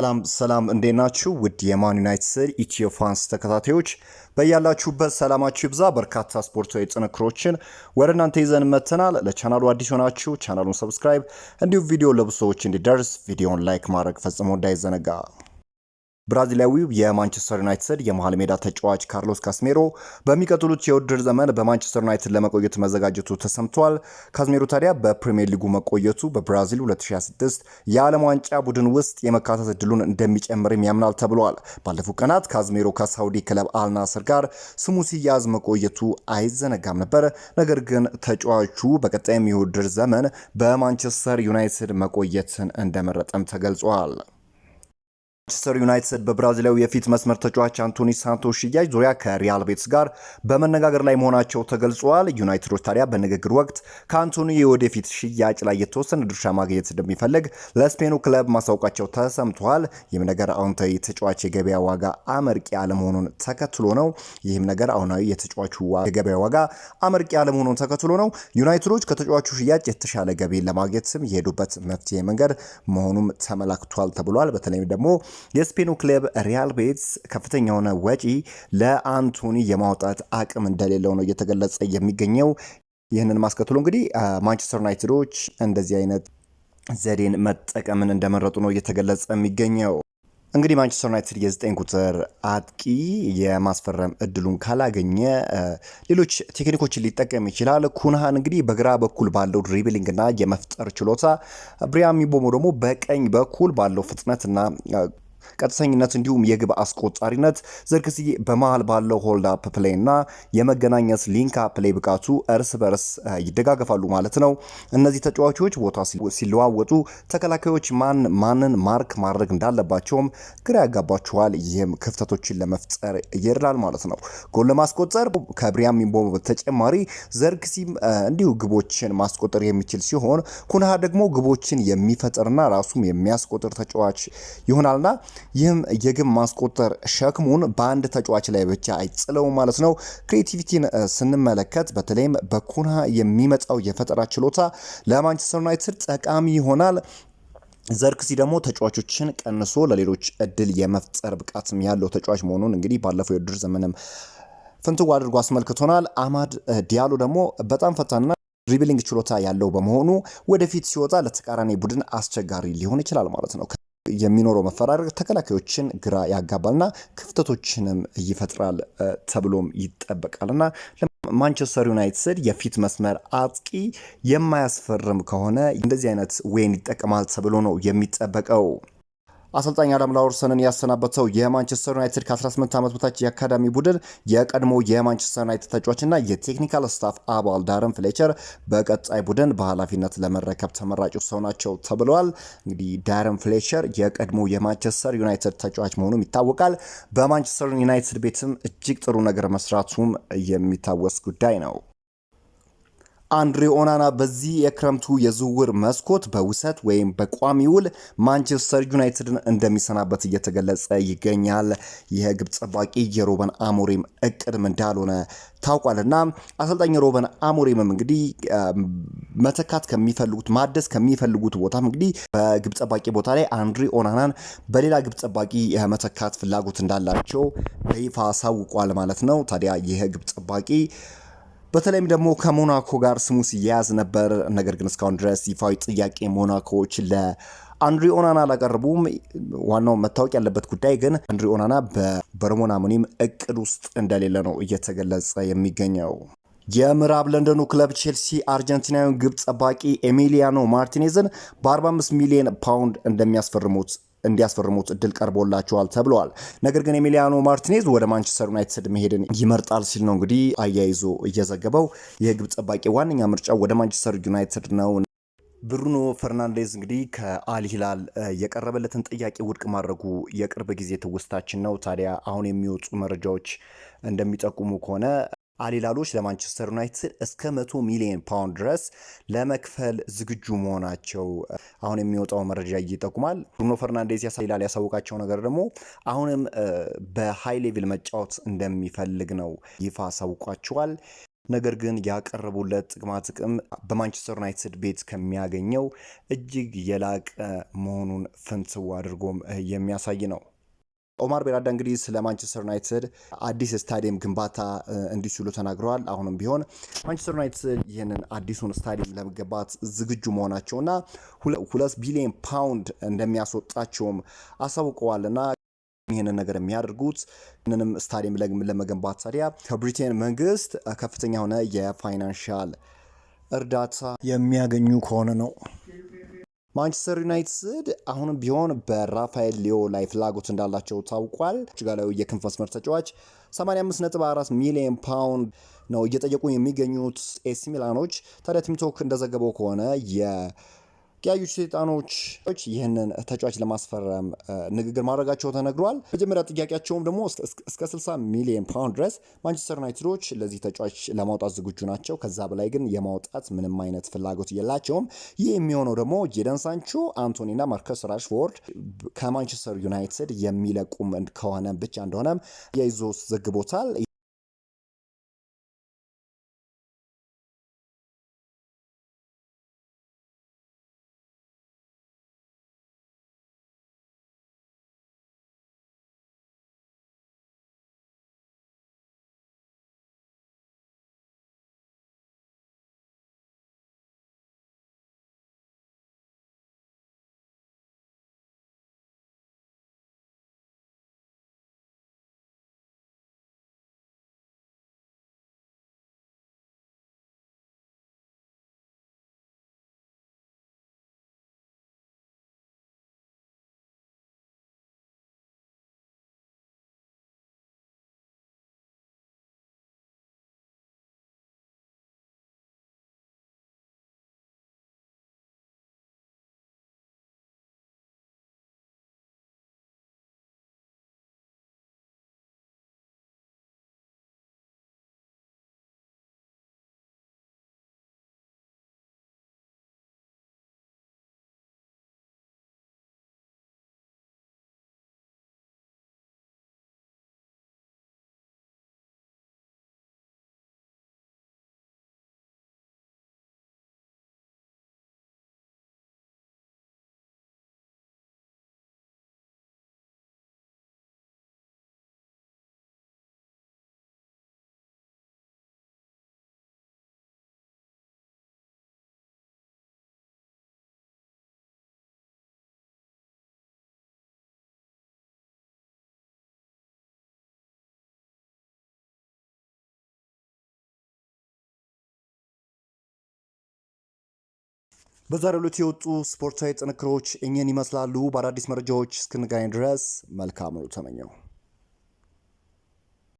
ሰላም ሰላም፣ እንዴት ናችሁ? ውድ የማን ዩናይትድ ኢትዮ ፋንስ ተከታታዮች በያላችሁበት ሰላማችሁ ይብዛ። በርካታ ስፖርታዊ ጥንክሮችን ወደ እናንተ ይዘን መተናል። ለቻናሉ አዲስ ሆናችሁ ቻናሉን ሰብስክራይብ፣ እንዲሁም ቪዲዮ ለብዙ ሰዎች እንዲደርስ ቪዲዮን ላይክ ማድረግ ፈጽሞ እንዳይዘነጋ። ብራዚላዊው የማንቸስተር ዩናይትድ የመሃል ሜዳ ተጫዋች ካርሎስ ካስሜሮ በሚቀጥሉት የውድድር ዘመን በማንቸስተር ዩናይትድ ለመቆየት መዘጋጀቱ ተሰምቷል። ካስሜሮ ታዲያ በፕሪምየር ሊጉ መቆየቱ በብራዚል 2026 የዓለም ዋንጫ ቡድን ውስጥ የመካተት እድሉን እንደሚጨምርም ያምናል ተብሏል። ባለፉት ቀናት ካዝሜሮ ከሳውዲ ክለብ አልናስር ጋር ስሙ ሲያዝ መቆየቱ አይዘነጋም ነበር። ነገር ግን ተጫዋቹ በቀጣይም የውድድር ዘመን በማንቸስተር ዩናይትድ መቆየትን እንደመረጠም ተገልጿል። ማንቸስተር ዩናይትድ በብራዚላዊ የፊት መስመር ተጫዋች አንቶኒ ሳንቶስ ሽያጭ ዙሪያ ከሪያል ቤትስ ጋር በመነጋገር ላይ መሆናቸው ተገልጿል። ዩናይትዶች ታዲያ በንግግር ወቅት ከአንቶኒ የወደፊት ሽያጭ ላይ የተወሰነ ድርሻ ማግኘት እንደሚፈልግ ለስፔኑ ክለብ ማሳወቃቸው ተሰምተዋል። ይህም ነገር አሁንታዊ ተጫዋች የገበያ ዋጋ አመርቂ አለመሆኑን ተከትሎ ነው። ይህም ነገር አሁናዊ የተጫዋቹ የገበያ ዋጋ አመርቂ አለመሆኑን ተከትሎ ነው። ዩናይትዶች ከተጫዋቹ ሽያጭ የተሻለ ገቢ ለማግኘት ስም የሄዱበት መፍትሄ መንገድ መሆኑም ተመላክቷል ተብሏል። በተለይም ደግሞ የስፔኑ ክለብ ሪያል ቤትስ ከፍተኛ የሆነ ወጪ ለአንቶኒ የማውጣት አቅም እንደሌለው ነው እየተገለጸ የሚገኘው። ይህንን ማስከትሎ እንግዲህ ማንቸስተር ዩናይትዶች እንደዚህ አይነት ዘዴን መጠቀምን እንደመረጡ ነው እየተገለጸ የሚገኘው። እንግዲህ ማንቸስተር ዩናይትድ የዘጠኝ ቁጥር አጥቂ የማስፈረም እድሉን ካላገኘ ሌሎች ቴክኒኮችን ሊጠቀም ይችላል። ኩንሃን እንግዲህ በግራ በኩል ባለው ድሪብሊንግና የመፍጠር ችሎታ፣ ብሪያም ደግሞ በቀኝ በኩል ባለው ፍጥነትና ቀጥተኝነት እንዲሁም የግብ አስቆጣሪነት ዘርክሲ በመሃል ባለው ሆልድ አፕ ፕሌይ እና የመገናኘት ሊንክ አፕ ፕሌይ ብቃቱ እርስ በርስ ይደጋገፋሉ ማለት ነው። እነዚህ ተጫዋቾች ቦታ ሲለዋወጡ ተከላካዮች ማን ማንን ማርክ ማድረግ እንዳለባቸውም ግራ ያጋባቸዋል። ይህም ክፍተቶችን ለመፍጠር ይረዳል ማለት ነው። ጎል ለማስቆጠር ከብሪያም ምቤሞ በተጨማሪ ዘርክሲም እንዲሁ ግቦችን ማስቆጠር የሚችል ሲሆን ኩንሃ ደግሞ ግቦችን የሚፈጥርና ራሱም የሚያስቆጥር ተጫዋች ይሆናልና ይህም የግብ ማስቆጠር ሸክሙን በአንድ ተጫዋች ላይ ብቻ አይጥለው ማለት ነው። ክሬቲቪቲን ስንመለከት በተለይም በኩና የሚመጣው የፈጠራ ችሎታ ለማንቸስተር ዩናይትድ ጠቃሚ ይሆናል። ዘርክሲ ደግሞ ተጫዋቾችን ቀንሶ ለሌሎች እድል የመፍጠር ብቃትም ያለው ተጫዋች መሆኑን እንግዲህ ባለፈው የውድድር ዘመንም ፍንትው አድርጎ አስመልክቶናል። አማድ ዲያሎ ደግሞ በጣም ፈታና ድሪብሊንግ ችሎታ ያለው በመሆኑ ወደፊት ሲወጣ ለተቃራኒ ቡድን አስቸጋሪ ሊሆን ይችላል ማለት ነው። የሚኖረው መፈራረቅ ተከላካዮችን ግራ ያጋባልና ክፍተቶችንም ይፈጥራል ተብሎም ይጠበቃልና ማንቸስተር ዩናይትድ የፊት መስመር አጥቂ የማያስፈርም ከሆነ እንደዚህ አይነት ወይን ይጠቀማል ተብሎ ነው የሚጠበቀው። አሰልጣኝ አዳም ላውርሰንን ያሰናበተው የማንቸስተር ዩናይትድ ከ18 ዓመት በታች የአካዳሚ ቡድን የቀድሞ የማንቸስተር ዩናይትድ ተጫዋችና የቴክኒካል ስታፍ አባል ዳረን ፍሌቸር በቀጣይ ቡድን በኃላፊነት ለመረከብ ተመራጩ ሰው ናቸው ተብለዋል። እንግዲህ ዳረን ፍሌቸር የቀድሞ የማንቸስተር ዩናይትድ ተጫዋች መሆኑም ይታወቃል። በማንቸስተር ዩናይትድ ቤትም እጅግ ጥሩ ነገር መስራቱም የሚታወስ ጉዳይ ነው። አንድሬ ኦናና በዚህ የክረምቱ የዝውውር መስኮት በውሰት ወይም በቋሚ ውል ማንቸስተር ዩናይትድን እንደሚሰናበት እየተገለጸ ይገኛል። ይህ ግብ ጠባቂ የሮበን አሞሪም እቅድም እንዳልሆነ ታውቋልና አሰልጣኝ ሮበን አሞሪምም እንግዲህ መተካት ከሚፈልጉት ማደስ ከሚፈልጉት ቦታም እንግዲህ በግብ ጠባቂ ቦታ ላይ አንድሪ ኦናናን በሌላ ግብ ጠባቂ መተካት ፍላጎት እንዳላቸው በይፋ አሳውቋል ማለት ነው። ታዲያ ይህ ግብ ጠባቂ በተለይም ደግሞ ከሞናኮ ጋር ስሙ ሲያያዝ ነበር። ነገር ግን እስካሁን ድረስ ይፋዊ ጥያቄ ሞናኮዎች አንድሪ ኦናና አላቀረቡም። ዋናው መታወቅ ያለበት ጉዳይ ግን አንድሪ ኦናና በበርሞን ሙኒም እቅድ ውስጥ እንደሌለ ነው እየተገለጸ የሚገኘው። የምዕራብ ለንደኑ ክለብ ቼልሲ አርጀንቲናዊ ግብ ጠባቂ ኤሚሊያኖ ማርቲኔዝን በ45 ሚሊዮን ፓውንድ እንደሚያስፈርሙት እንዲያስፈርሙት እድል ቀርቦላቸዋል ተብለዋል። ነገር ግን ኤሚሊያኖ ማርቲኔዝ ወደ ማንቸስተር ዩናይትድ መሄድን ይመርጣል ሲል ነው እንግዲህ አያይዞ እየዘገበው የግብ ጠባቂ ዋነኛ ምርጫው ወደ ማንቸስተር ዩናይትድ ነው። ብሩኖ ፈርናንዴዝ እንግዲህ ከአል ሂላል የቀረበለትን ጥያቄ ውድቅ ማድረጉ የቅርብ ጊዜ ትውስታችን ነው። ታዲያ አሁን የሚወጡ መረጃዎች እንደሚጠቁሙ ከሆነ አሊላሎች ለማንቸስተር ዩናይትድ እስከ 100 ሚሊዮን ፓውንድ ድረስ ለመክፈል ዝግጁ መሆናቸው አሁን የሚወጣው መረጃ ይጠቁማል። ብሩኖ ፈርናንዴዝ ሂላል ያሳወቃቸው ነገር ደግሞ አሁንም በሃይ ሌቭል መጫወት እንደሚፈልግ ነው ይፋ አሳውቋቸዋል። ነገር ግን ያቀረቡለት ጥቅማ ጥቅም በማንቸስተር ዩናይትድ ቤት ከሚያገኘው እጅግ የላቀ መሆኑን ፍንትው አድርጎም የሚያሳይ ነው። ኦማር ቤራዳ እንግዲህ ስለ ማንቸስተር ዩናይትድ አዲስ ስታዲየም ግንባታ እንዲህ ሲሉ ተናግረዋል። አሁንም ቢሆን ማንቸስተር ዩናይትድ ይህንን አዲሱን ስታዲየም ለመገንባት ዝግጁ መሆናቸውና ሁለት ቢሊዮን ፓውንድ እንደሚያስወጣቸውም አሳውቀዋልና ይህንን ነገር የሚያደርጉት ምንም ስታዲየም ለመገንባት ታዲያ ከብሪቴን መንግስት ከፍተኛ የሆነ የፋይናንሻል እርዳታ የሚያገኙ ከሆነ ነው። ማንቸስተር ዩናይትድ አሁንም ቢሆን በራፋኤል ሊዮ ላይ ፍላጎት እንዳላቸው ታውቋል። ፖርቹጋላዊ የክንፍ መስመር ተጫዋች 85.4 ሚሊዮን ፓውንድ ነው እየጠየቁ የሚገኙት ኤሲ ሚላኖች። ታዲያ ቲምቶክ እንደዘገበው ከሆነ የ ቀያዩ ሰይጣኖች ይህንን ተጫዋች ለማስፈረም ንግግር ማድረጋቸው ተነግሯል። መጀመሪያ ጥያቄያቸውም ደግሞ እስከ 60 ሚሊዮን ፓውንድ ድረስ ማንቸስተር ዩናይትዶች ለዚህ ተጫዋች ለማውጣት ዝግጁ ናቸው። ከዛ በላይ ግን የማውጣት ምንም አይነት ፍላጎት የላቸውም። ይህ የሚሆነው ደግሞ ጄደን ሳንቾ፣ አንቶኒና ማርከስ ራሽፎርድ ከማንቸስተር ዩናይትድ የሚለቁም ከሆነ ብቻ እንደሆነም የይዞ ዘግቦታል። በዛሬው ዕለት የወጡ ስፖርታዊ ጥንክሮች እኚህን ይመስላሉ። በአዳዲስ መረጃዎች እስክንጋኝ ድረስ መልካም ነው ተመኘው።